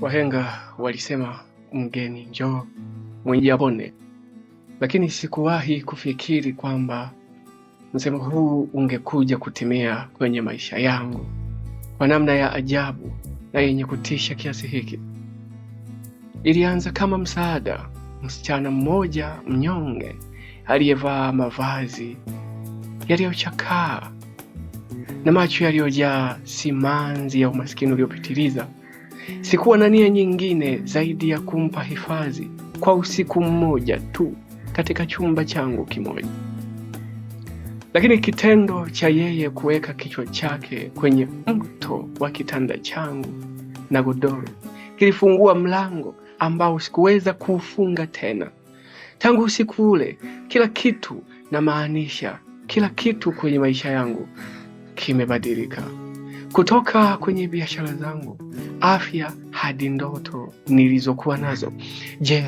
Wahenga walisema mgeni njoo mwenyeji apone, lakini sikuwahi kufikiri kwamba msemo huu ungekuja kutimia kwenye maisha yangu kwa namna ya ajabu na yenye kutisha kiasi hiki. Ilianza kama msaada. Msichana mmoja mnyonge aliyevaa mavazi yaliyochakaa na macho yaliyojaa simanzi ya umaskini uliopitiliza Sikuwa na nia nyingine zaidi ya kumpa hifadhi kwa usiku mmoja tu katika chumba changu kimoja, lakini kitendo cha yeye kuweka kichwa chake kwenye mto wa kitanda changu na godoro kilifungua mlango ambao sikuweza kuufunga tena. Tangu usiku ule, kila kitu, namaanisha kila kitu kwenye maisha yangu kimebadilika. Kutoka kwenye biashara zangu, afya hadi ndoto nilizokuwa nazo. Je,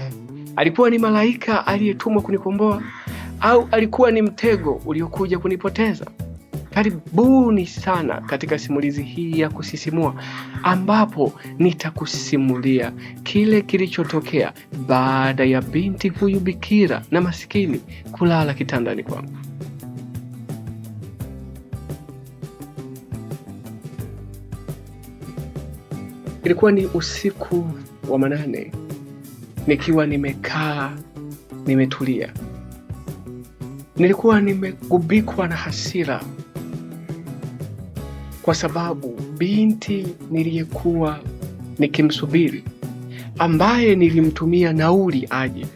alikuwa ni malaika aliyetumwa kunikomboa au alikuwa ni mtego uliokuja kunipoteza? Karibuni sana katika simulizi hii ya kusisimua ambapo nitakusimulia kile kilichotokea baada ya binti huyu bikira na masikini kulala kitandani kwangu. Ilikuwa ni usiku wa manane, nikiwa nimekaa nimetulia. Nilikuwa nimegubikwa na hasira kwa sababu binti niliyekuwa nikimsubiri, ambaye nilimtumia nauli aje,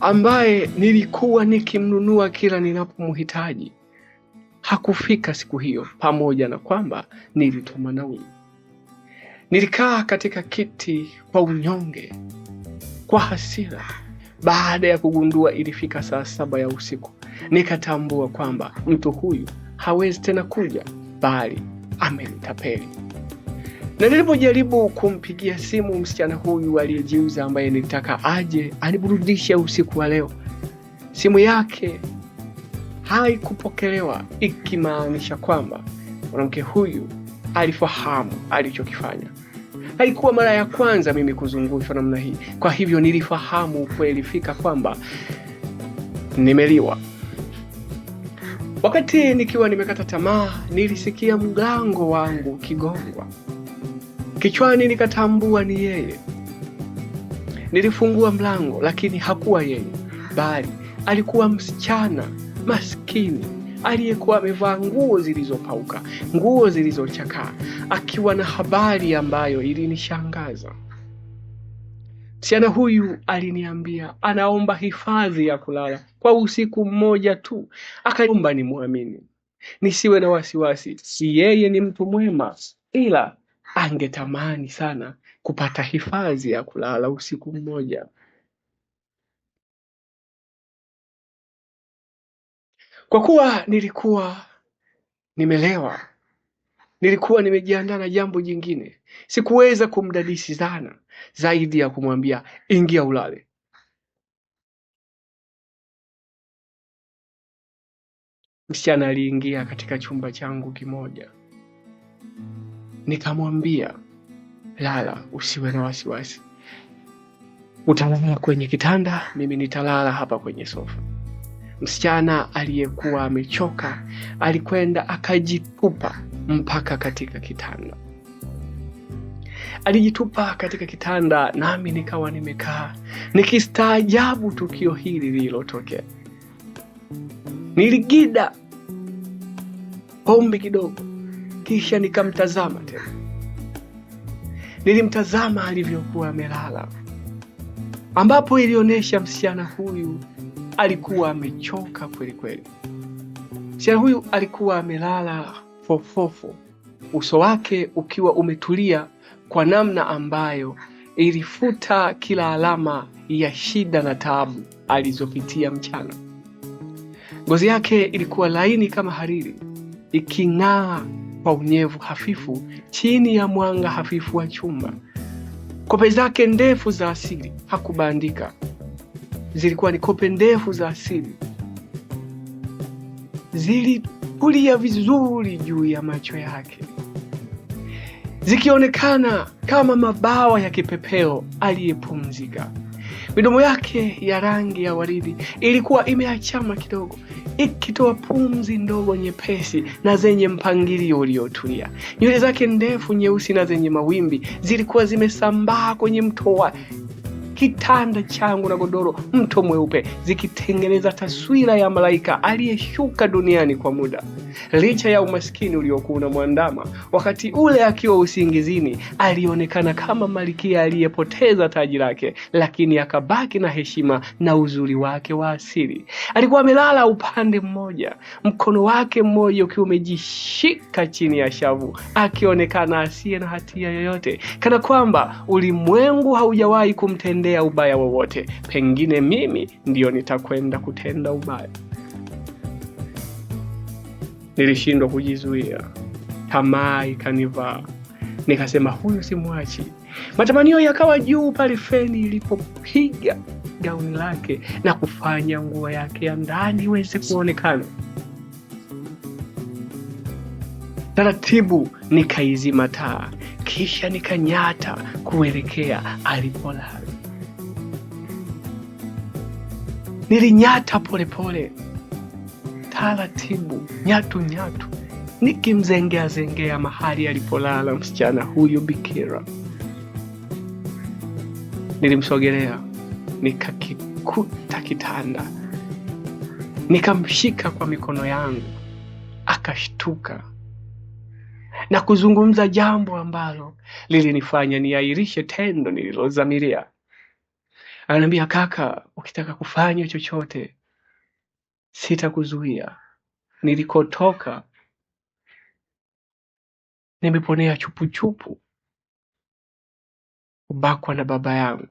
ambaye nilikuwa nikimnunua kila ninapomhitaji, hakufika siku hiyo, pamoja na kwamba nilituma nauli. Nilikaa katika kiti kwa unyonge, kwa hasira, baada ya kugundua ilifika saa saba ya usiku. Nikatambua kwamba mtu huyu hawezi tena kuja, bali amenitapeli. Na nilipojaribu kumpigia simu msichana huyu aliyejiuza, ambaye nilitaka aje aniburudishe usiku wa leo, simu yake haikupokelewa, ikimaanisha kwamba mwanamke huyu alifahamu alichokifanya haikuwa mara ya kwanza mimi kuzungushwa namna hii. Kwa hivyo nilifahamu ukweli fika kwamba nimeliwa. Wakati nikiwa nimekata tamaa, nilisikia mgango wangu ukigongwa kichwani, nikatambua ni yeye. Nilifungua mlango, lakini hakuwa yeye, bali alikuwa msichana maskini aliyekuwa amevaa nguo zilizopauka, nguo zilizochakaa, akiwa na habari ambayo ilinishangaza. Msichana huyu aliniambia anaomba hifadhi ya kulala kwa usiku mmoja tu, akaomba mwamini nisiwe na wasiwasi, yeye ni mtu mwema, ila angetamani sana kupata hifadhi ya kulala usiku mmoja. Kwa kuwa nilikuwa nimelewa, nilikuwa nimejiandaa na jambo jingine, sikuweza kumdadisi sana zaidi ya kumwambia ingia ulale. Msichana aliingia katika chumba changu kimoja, nikamwambia lala, usiwe na wasiwasi, utalala kwenye kitanda, mimi nitalala hapa kwenye sofa. Msichana aliyekuwa amechoka alikwenda akajitupa mpaka katika kitanda. Alijitupa katika kitanda, nami nikawa nimekaa nikistaajabu tukio hili lililotokea. Niligida pombe kidogo, kisha nikamtazama tena. Nilimtazama alivyokuwa amelala, ambapo ilionyesha msichana huyu alikuwa amechoka kweli kweli. Shera huyu alikuwa amelala fofofo, uso wake ukiwa umetulia kwa namna ambayo ilifuta kila alama ya shida na taabu alizopitia mchana. Ngozi yake ilikuwa laini kama hariri, iking'aa kwa unyevu hafifu chini ya mwanga hafifu wa chumba. Kope zake ndefu za asili hakubandika, zilikuwa ni kope ndefu za asili, zilikulia vizuri juu ya macho yake, zikionekana kama mabawa ya kipepeo aliyepumzika. Midomo yake ya rangi ya waridi ilikuwa imeachama kidogo, ikitoa pumzi ndogo nyepesi na zenye mpangilio uliotulia. Nywele zake ndefu nyeusi na zenye mawimbi zilikuwa zimesambaa kwenye mto wa kitanda changu na godoro, mto mweupe, zikitengeneza taswira ya malaika aliyeshuka duniani kwa muda licha ya umaskini uliokuwa unamwandama. Wakati ule akiwa usingizini, alionekana kama malikia aliyepoteza taji lake, lakini akabaki na heshima na uzuri wake wa asili. Alikuwa amelala upande mmoja, mkono wake mmoja ukiwa umejishika chini ya shavu, akionekana asiye na hatia yoyote, kana kwamba ulimwengu haujawahi kumtendea ubaya wowote. Pengine mimi ndiyo nitakwenda kutenda ubaya. Nilishindwa kujizuia, tamaa ikanivaa, nikasema huyu simwachi. Matamanio yakawa juu pale feni ilipopiga gauni lake na kufanya nguo yake ya ndani iweze kuonekana. Taratibu nikaizima taa, kisha nikanyata kuelekea alipolala. Nilinyata polepole pole taratibu, nyatu nyatu, nikimzengea zengea mahali alipolala msichana huyu bikira. Nilimsogelea, nikakikuta kitanda, nikamshika kwa mikono yangu, akashtuka na kuzungumza jambo ambalo lilinifanya niahirishe tendo nililozamiria. Ananiambia, kaka, ukitaka kufanya chochote Sitakuzuia nilikotoka nimeponea chupuchupu kubakwa na baba yangu,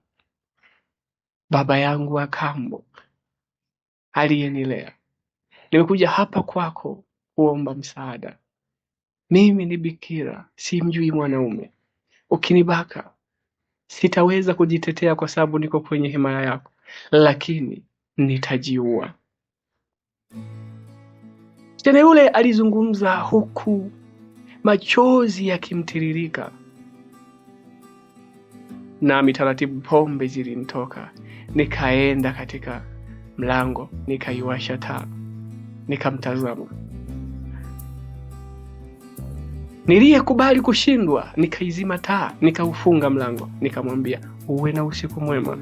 baba yangu wa kambo aliyenilea. Nimekuja hapa kwako kuomba msaada. Mimi ni bikira, simjui mwanaume. Ukinibaka sitaweza kujitetea kwa sababu niko kwenye himaya yako, lakini nitajiua. Msichana yule alizungumza huku machozi yakimtiririka, nami taratibu pombe zilinitoka. Nikaenda katika mlango, nikaiwasha taa, nikamtazama. Niliyekubali kushindwa, nikaizima taa, nikaufunga mlango, nikamwambia uwe na usiku mwema,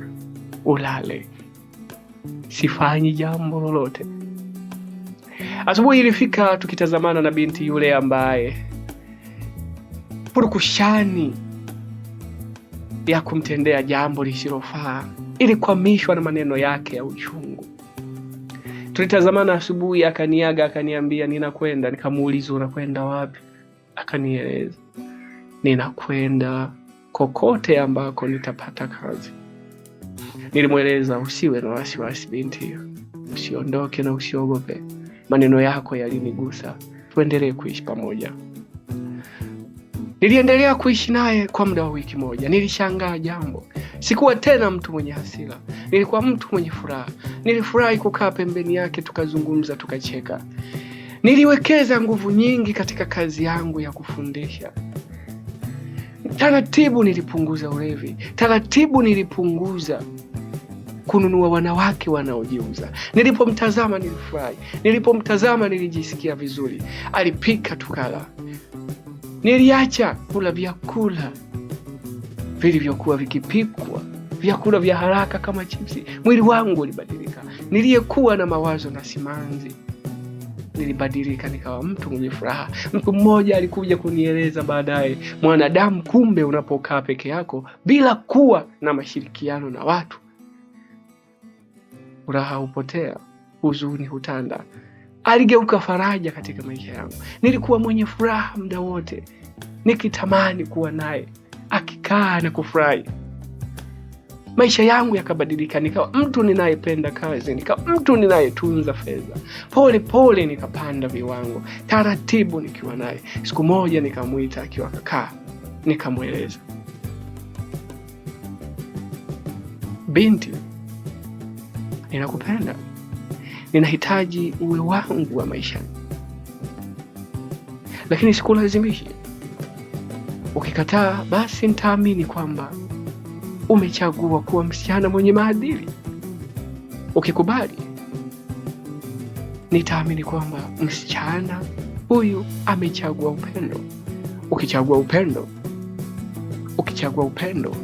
ulale, sifanyi jambo lolote. Asubuhi ilifika tukitazamana na binti yule ambaye purukushani ya kumtendea jambo lisilofaa ilikwamishwa na maneno yake ya uchungu. Tulitazamana asubuhi, akaniaga, akaniambia ninakwenda. Nikamuuliza unakwenda wapi? Akanieleza ninakwenda kokote ambako nitapata kazi. Nilimweleza usiwe na wasiwasi binti, usiondoke na usiogope maneno yako yalinigusa, tuendelee kuishi pamoja. Niliendelea kuishi naye kwa muda wa wiki moja. Nilishangaa jambo, sikuwa tena mtu mwenye hasira, nilikuwa mtu mwenye furaha. Nilifurahi kukaa pembeni yake, tukazungumza, tukacheka. Niliwekeza nguvu nyingi katika kazi yangu ya kufundisha. Taratibu nilipunguza ulevi, taratibu nilipunguza kununua wanawake wanaojiuza. Nilipomtazama nilifurahi, nilipomtazama nilijisikia vizuri. Alipika tukala, niliacha kula vyakula vilivyokuwa vikipikwa vyakula vya haraka kama chipsi. Mwili wangu ulibadilika, niliyekuwa na mawazo na simanzi nilibadilika, nikawa mtu mwenye furaha. Mtu mmoja alikuja kunieleza baadaye, mwanadamu, kumbe unapokaa peke yako bila kuwa na mashirikiano na watu Furaha hupotea, huzuni hutanda. Aligeuka faraja katika maisha yangu. Nilikuwa mwenye furaha muda wote, nikitamani kuwa naye akikaa na kufurahi. Maisha yangu yakabadilika, nikawa mtu ninayependa kazi, nikawa mtu ninayetunza fedha. Pole pole nikapanda viwango taratibu, nikiwa naye. Siku moja nikamwita akiwa kakaa, nikamweleza binti ninakupenda, ninahitaji uwe wangu wa maisha, lakini sikulazimishi. Ukikataa, basi nitaamini kwamba umechagua kuwa msichana mwenye maadili. Ukikubali, nitaamini kwamba msichana huyu amechagua upendo. Ukichagua upendo, ukichagua upendo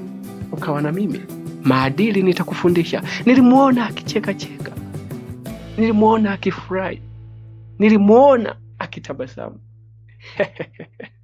ukawa na mimi maadili nitakufundisha. Nilimwona akicheka cheka, nilimwona akifurahi, nilimwona akitabasamu